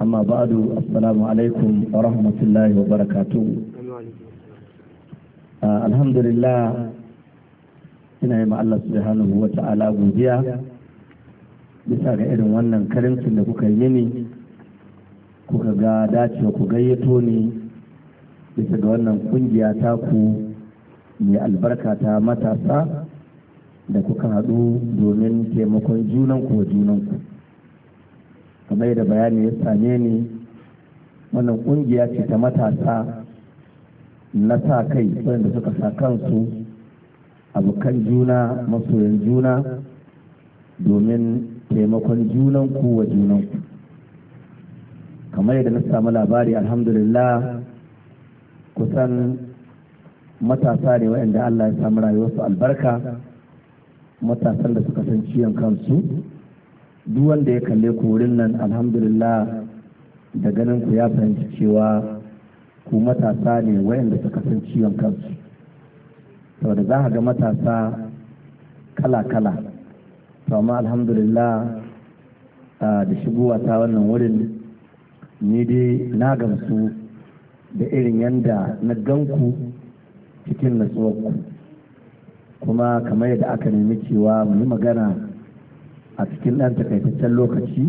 amma ba'du assalamu alaikum wa rahmatullahi wa barakatu alhamdulillah ina yi Allah subhanahu wa ta'ala godiya bisa ga irin wannan karimcin da kuka yi mini kuka ga dacewa ku gayyato ni bisa ga wannan kungiya ta ku mai albarkata matasa da kuka haɗu domin taimakon junanku wa junanku kamar da bayani ya same ni wannan kungiya ce ta matasa na sa kai wanda suka sa kansu abokan juna masoyan juna domin taimakon junan ku wa junan ku kamar yadda na samu labari alhamdulillah kusan matasa ne wa'anda Allah ya samu rayuwarsu albarka matasan da suka san ciyan kansu duk wanda ya kalle ku wurin nan alhamdulillah da ganin ku ya fahimci cewa ku matasa ne wayanda suka san ciwon kansu saboda za a ga matasa kala-kala to amma alhamdulillah da shigowa ta wannan wurin ni dai na gamsu da irin yanda na ganku cikin ku kuma kamar yadda aka nemi cewa mu yi magana a cikin ɗan takaitaccen lokaci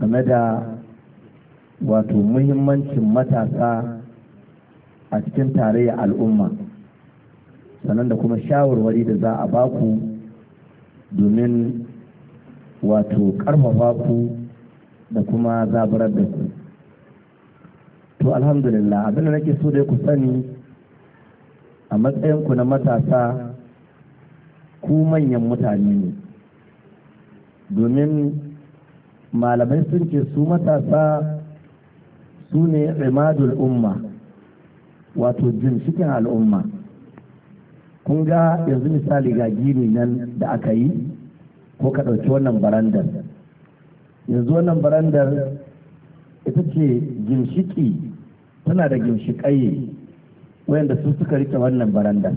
game da wato muhimmancin matasa a cikin tarayyar al'umma sannan da kuma shawarwari da za a baku domin wato ƙarfafa ku da kuma zaburar da ku to alhamdulillah abin da nake so da ku sani a matsayinku na matasa ku manyan mutane ne domin malamai sun ce su matasa su ne imadul umma wato ginshikin al'umma kun ga yanzu misali ga gini nan da aka yi ko ka ɗauki wannan barandar yanzu wannan barandar ita ce ginshiki tana da ginshikai wayanda su suka rike wannan barandar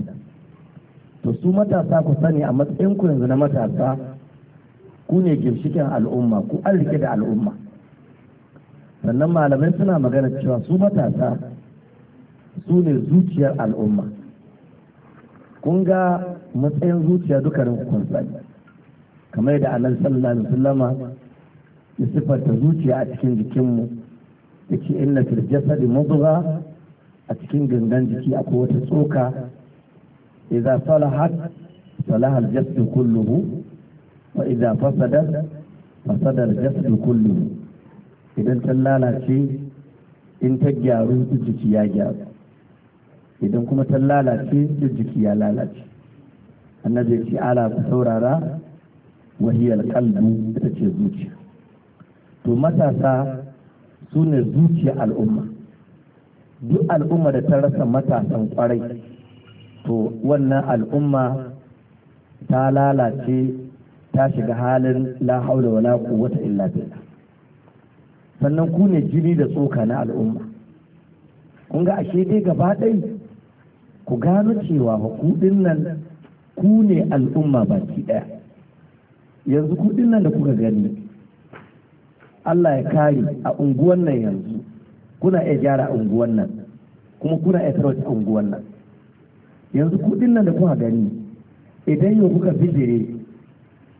to su matasa ku sani a matsayinku yanzu na matasa ku ne ginshikin al'umma ku an da al'umma sannan malamai suna magana cewa su matasa su ne zuciyar al'umma kun ga matsayin zuciya dukkanin kun sani kamar da annabi sallallahu alaihi wasallam ya sifarta zuciya a cikin jikinmu yace inna fil jasadi mudgha a cikin gangan jiki akwai wata tsoka idza salahat salaha al jasad kulluhu wa idza fasada fasada al-jasad kullu idan ta lalace in ta gyaru jiki ya gyaru idan kuma ta lalace jiki ya lalace annabi ya ce ala ku saurara wahiyar kalbu ita ce zuciya to matasa su ne zuciya al'umma duk al'umma da ta rasa matasan kwarai to wannan al'umma ta lalace ta shiga halin la haula wala quwwata illa billah sannan ku ne jini da tsoka na al'umma kun ga ashe dai gaba ɗai ku gano cewa hukudin nan ku ne al'umma baki ɗaya yanzu kudin nan da kuka gani Allah ya kare a unguwan nan yanzu kuna iya gyara unguwan nan kuma kuna iya tarwata unguwan nan yanzu kudin nan da kuka gani idan yau kuka bijire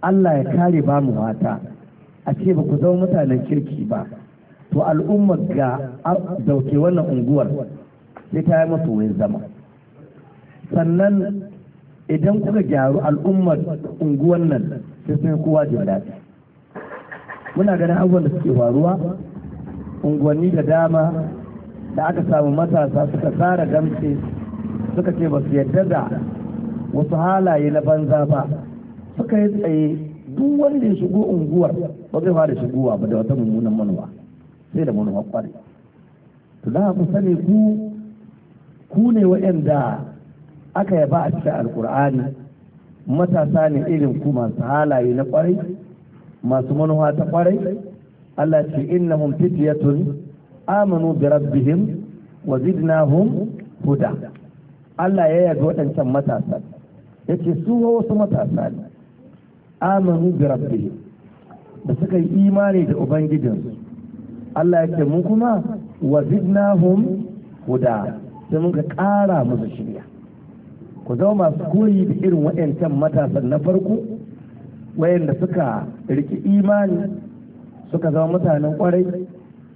Allah ya kare ba mu mata a ce ba ku zama mutanen kirki ba to al'umma ga dauke wannan unguwar sai ta yi masa wuyan zama sannan idan kuka gyaru al'ummar unguwar nan sai sai kowa jin daɗi muna ganin abubuwan da suke faruwa unguwanni da dama da aka samu matasa suka tsara damce suka ce ba su yadda da wasu halaye na banza ba suka yi tsaye duk wanda ya shigo unguwar ba zai fara shigowa ba da wata mummunan manuwa sai da manuwa kwarai to da ku sani ku ku ne waɗanda aka yaba a cikin alkur'ani matasa ne irin ku masu halaye na kwarai masu manuwa ta kwarai Allah ce innahum fitiyatun amanu bi rabbihim wa zidnahum huda Allah ya yaga waɗancan matasa yace su wasu matasa ne amanu bi rabbi da suka yi imani da ubangijinsu Allah ya ce mu kuma wa zidnahum huda sai mun ka ƙara musu shirya ku zama masu koyi da irin waɗancan matasan na farko wayanda suka riki imani suka zama mutanen kwarai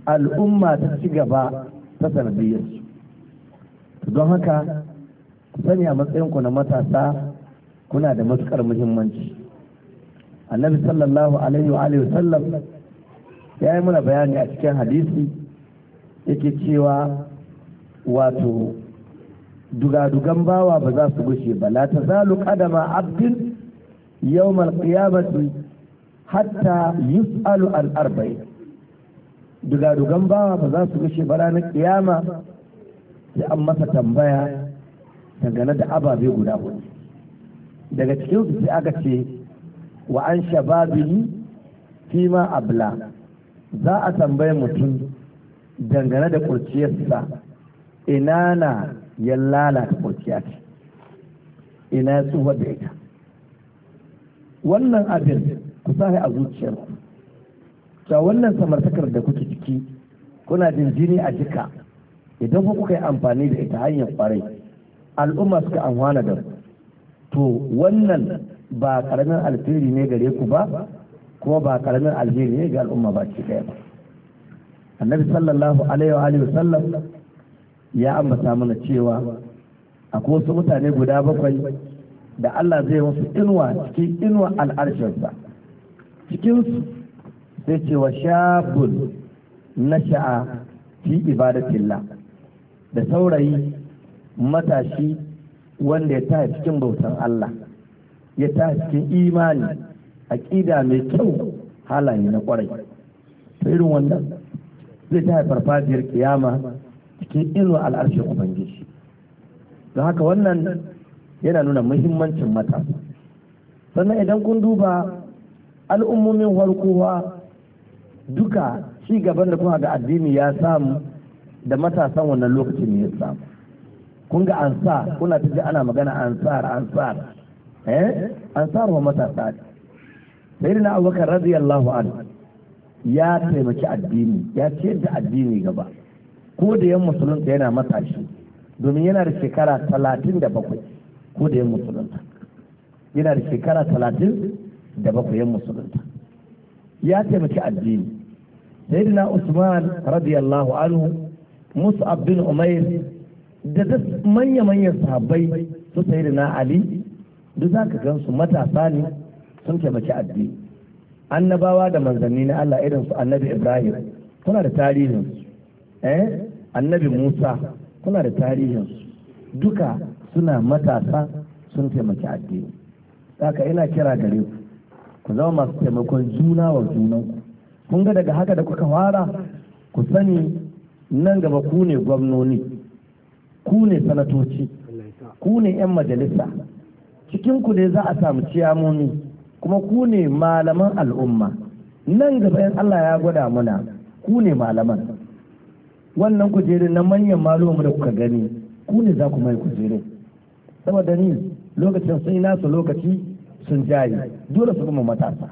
al'umma ta ci gaba ta sanadiyyarsu don haka ku sani a matsayinku na matasa kuna da matukar muhimmanci annabi sallallahu alaihi wa alihi sallam ya yi muna bayani a cikin hadisi yake cewa wato dugadugan bawa ba za su gushe ba la ta zalu kadama abdin yawmal qiyamati hatta yus'alu al arba'i dugadugan bawa ba za su gushe ba ranar kiyama sai an masa tambaya dangane da ababe guda hudu daga cikin su sai aka ce wa an shababihi ma abla za a tambaye mutum dangane da kurciyarsa ina na ya lalata kurciya ce ina ya tsufa da ita wannan abin ku sahi a zuciyarku ta wannan samartakar da kuke ciki kuna jin jini a jika idan ku kuka yi amfani da ita hanyar kwarai al'umma suka amfana da to wannan ba karamin alheri ne gare ku ba kuma ba karamin alheri ne ga al'umma ba ce ba annabi sallallahu alaihi wa alihi sallam ya ambata mana cewa akwai wasu mutane guda bakwai da Allah zai musu inuwa cikin inuwa al'arshinsa cikin su sai cewa shabun nasha'a fi ibadatillah da saurayi matashi wanda ya ta cikin bautan Allah ya ta cikin imani a ƙida mai kyau halaye na kwarai ta irin wannan zai ta haifar fadiyar kiyama cikin inuwa al'arshe ubangiji don haka wannan yana nuna muhimmancin mata sannan idan kun duba al'ummomin warkowa duka ci gaban da kuma ga addini ya samu da matasan wannan lokacin ne ya samu kun ga ansa kuna tafi ana magana ansar ansar eh ansar wa matasa sayyidina abubakar radiyallahu anhu ya taimaki addini ya ce da addini gaba ko da yan musulunta yana matashi domin yana da shekara talatin da bakwai ko da yan musulunta yana da shekara talatin da bakwai yan musulunta ya taimaki addini sayyidina usman radiyallahu anhu musu bin umair da manya-manyan sahabbai su sayyidina ali duk za ka gan su matasa ne sun taimaki addini annabawa da manzanni na Allah irin su annabi Ibrahim kuna da tarihin eh annabi Musa kuna da tarihin duka suna matasa sun taimaki addini haka ina kira gare ku ku zama masu taimakon juna wa ku kun ga daga haka da kuka fara ku sani nan gaba ku ne gwamnoni ku ne sanatoci ku ne 'yan majalisa cikin ku ne za a samu ciyamomi kuma ku ne malaman al'umma nan gaba yan Allah ya gwada muna ku ne malaman wannan kujerin na manyan malumanmu da kuka gani ku ne za ku mai kujerin saboda ni lokacin sun yi nasu lokaci sun jaye dole su kuma matasa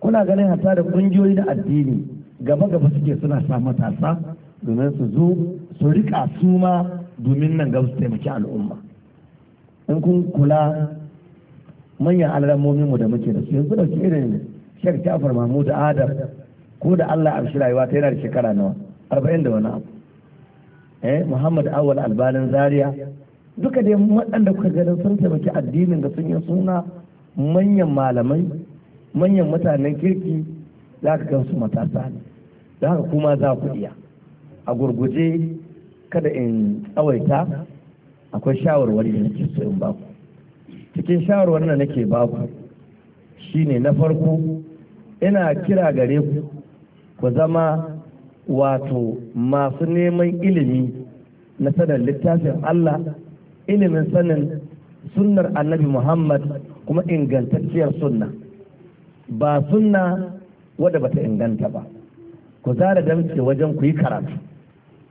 kuna ganin hata da kungiyoyi na addini gaba gaba suke suna sa matasa domin su zo su rika suma domin nan gaba su taimaki al'umma in kun kula manyan alamomin mu da muke da su yanzu dauki irin shek Jafar Mahmud Adam ko da Allah amshi rayuwa ta yana da shekara nawa arba'in da wani abu eh Muhammad Awal Albanin Zaria duka dai waɗanda kuka ganin sun taimaki addinin da sun yi suna manyan malamai manyan mutanen kirki za ka gansu matasa ne da haka kuma za ku iya a gurguje kada in tsawaita akwai shawarwari da nake so in baku cikin shawarwar da nake baku shine na farko ina kira gare ku ku zama wato masu neman ilimi na sanin littafin Allah ilimin sanin sunnar annabi Muhammad kuma ingantacciyar sunna ba sunna wadda bata inganta ba ku zara damce wajen ku yi karatu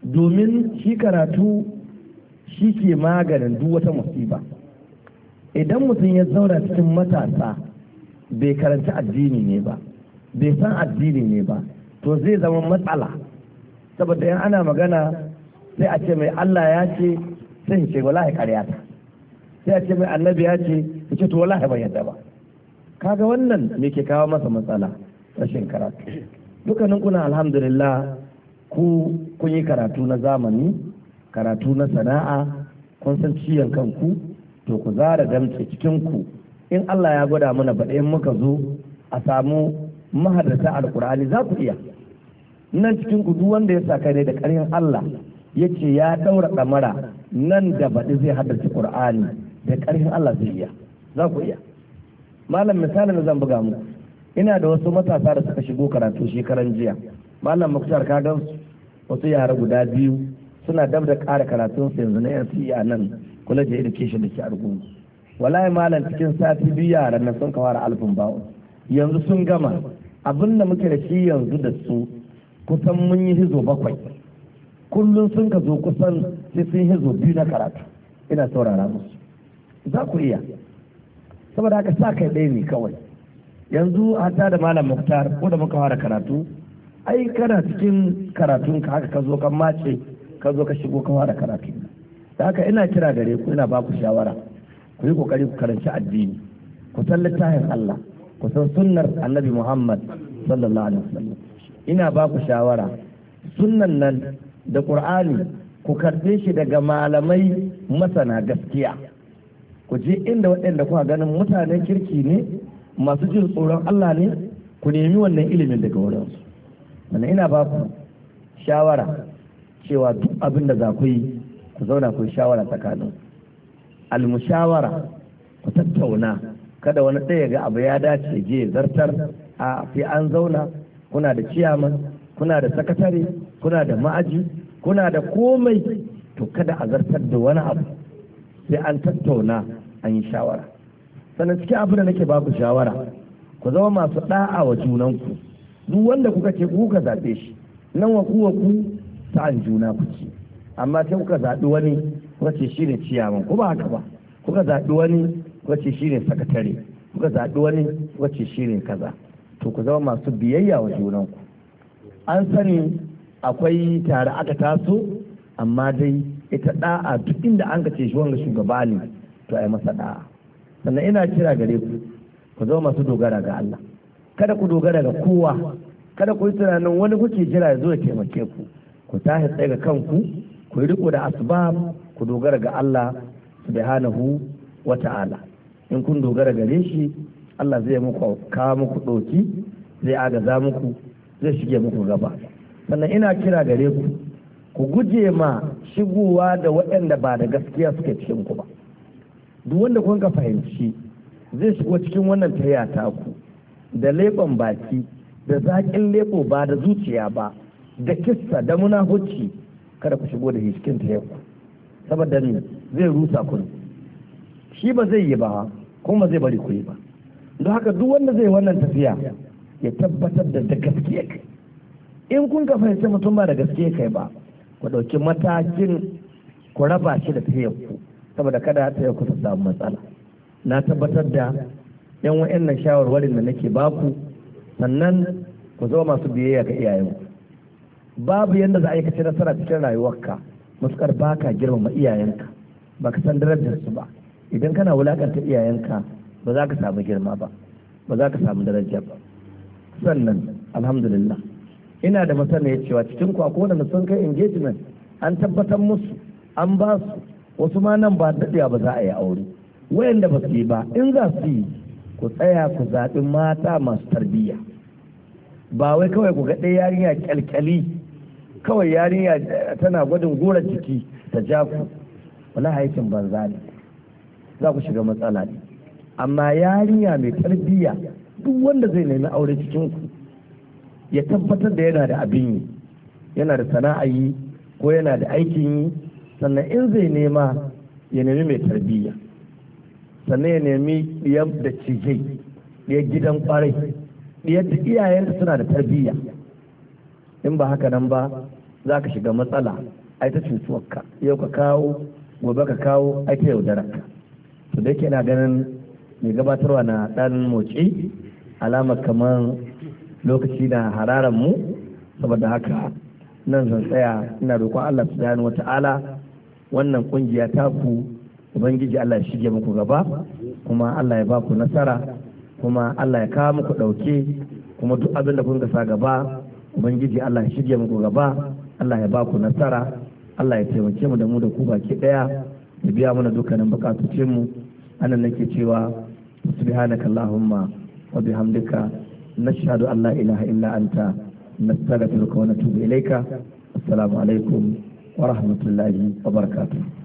domin shi karatu shi ke maganin duk wata musiba. idan mutum ya zauna cikin matasa bai karanci addini ne ba bai san addini ne ba to zai zama matsala saboda yan ana magana sai a ce mai Allah ya ce sai ce wallahi ƙarya ta sai a ce mai annabi ya ce ya ce to wallahi ban yadda ba kaga wannan me ke kawo masa matsala rashin karatu dukkanin kuna alhamdulillah ku kun yi karatu na zamani karatu na sana'a kun san ciyan kanku to ku zara damce cikin ku in Allah ya gwada mana ba muka zo a samu mahadarta alkur'ani za ku iya nan cikin ku duk wanda ya saka ne da ƙarfin Allah ya ce ya daura ɗamara nan da baɗi zai haddace ƙur'ani da ƙarfin Allah zai iya za ku iya malam misalin zan buga mu ina da wasu matasa da suka shigo karatu shekaran jiya malam muktar ka wasu yara guda biyu suna dab da ƙara yanzu na yan e a nan da education da ke argungu wallahi malam cikin sati biyu yaran nan sun kawara alfin ba. yanzu sun gama abin da muke da shi yanzu da su kusan mun yi hizo bakwai kullum sun ka zo kusan sai sun hizo biyu na karatu ina saurara musu za ku iya saboda haka sa kai ɗaya ne kawai yanzu hatta da malam muktar ko da muka fara karatu ai kana cikin karatun ka haka ka zo ka mace ka zo ka shigo ka fara karatu da haka ina kira gare ku ina ba shawara ku yi kokari ku karanci addini ku san littafin Allah ku san sunnar Annabi Muhammad sallallahu alaihi wasallam ina baku shawara sunnan nan da Qur'ani ku karbe shi daga malamai masana gaskiya ku je inda waɗanda kuka ganin mutanen kirki ne masu jin tsoron Allah ne ku nemi wannan ilimin daga wurinsu wannan ina ba shawara cewa duk abin da za ku yi ku zauna ku shawara tsakanin almushawara ku tattauna kada wani ɗaya ga abu ya dace je zartar a fi an zauna kuna da ciyaman kuna da sakatare kuna da ma'aji kuna da komai to kada a zartar da wani abu sai an tattauna an yi shawara sannan cikin abu da nake baku shawara ku zama masu ɗa'a wa junanku duk wanda kuka ce kuka zaɓe shi nan wa wa ku sa'an juna ku amma sai kuka zaɓi wani wace shi ne ciyaman kuma haka ba kuka zaɓi wani wace shi ne sakatare kuka zaɓi wani wace shi ne kaza to ku zama masu biyayya wa junanku an sani akwai tare aka taso amma dai ita ɗa'a duk inda an ce shi wanga shugaba ne to ai masa ɗa'a sannan ina kira gare ku ku zama masu dogara ga Allah kada ku dogara ga kowa kada ku yi tunanin wani kuke jira ya zo ya taimake ku ku tashi tsaye ga kanku ku yi riko da asbab ku dogara ga Allah subhanahu wa ta'ala in kun dogara gare shi Allah zai muku kawo muku ɗoki zai agaza muku zai shige muku gaba sannan ina kira gare ku ku guje ma shigowa da waɗanda ba da gaskiya suke cikin ku ba duk wanda kun ka fahimci zai shigo cikin wannan taya ku da leɓen baki da zaƙin leɓo ba da zuciya ba da kissa da munahuci kada ku shigo da shi cikin teku saboda ne zai rusa ku shi ba zai yi ba kuma zai bari ku yi ba don haka duk wanda zai wannan tafiya ya tabbatar da da gaskiya kai in kun ka fahimci mutum ba da gaskiya kai ba ku ɗauki matakin ku raba shi da tafiyar ku saboda kada ta ku ta samu matsala na tabbatar da yan wa'annan shawarwarin da nake baku sannan ku zama masu biyayya ga iyayenku babu yadda za a yi kace nasara cikin rayuwarka matukar ka girmama iyayenka ba ka san darajar su ba idan kana wulakanta iyayenka ba za ka samu girma ba ba za ka samu daraja ba sannan alhamdulillah ina da masana cewa cikin ku da sun kai engagement an tabbatar musu an ba su wasu ma nan ba daɗewa ba za a yi aure wayanda ba su yi ba in za su yi ku tsaya ku zaɓi mata masu tarbiyya ba wai kawai ku ga ɗaya yarinya kyalkyali kawai yarinya tana gwadin gora ciki ta ja wala haifin banza ne za ku shiga matsala ne amma yarinya mai tarbiyya duk wanda zai nemi aure cikin ku ya tabbatar da yana da abin yi yana da sana'a yi ko yana da aikin yi sannan in zai nema ya nemi mai tarbiyya sannan ya nemi ɗiyar da cijai ɗiyar gidan kwarai ɗiyar da iyayenta suna da tarbiyya in ba haka nan ba za ka shiga matsala ai ta cutuwarka yau ka kawo gobe ka kawo ai ta ka to da yake na ganin mai gabatarwa na dan motsi alamar kamar lokaci na hararan mu saboda haka nan zan tsaya ina roƙon Allah subhanahu wata'ala wannan kungiya ta ku ubangiji Allah ya shige muku gaba kuma Allah ya ba ku nasara kuma Allah ya kawo muku dauke kuma duk abin da kun gasa gaba ubangiji Allah ya shirya muku gaba Allah ya baku nasara Allah ya taimake mu da mu da ku baki daya ya biya mana dukkanin bukatocin mu anan nake cewa subhanaka allahumma wa bihamdika nashhadu an la ilaha illa anta nastaghfiruka wa natubu ilayka assalamu alaikum wa rahmatullahi wa barakatuh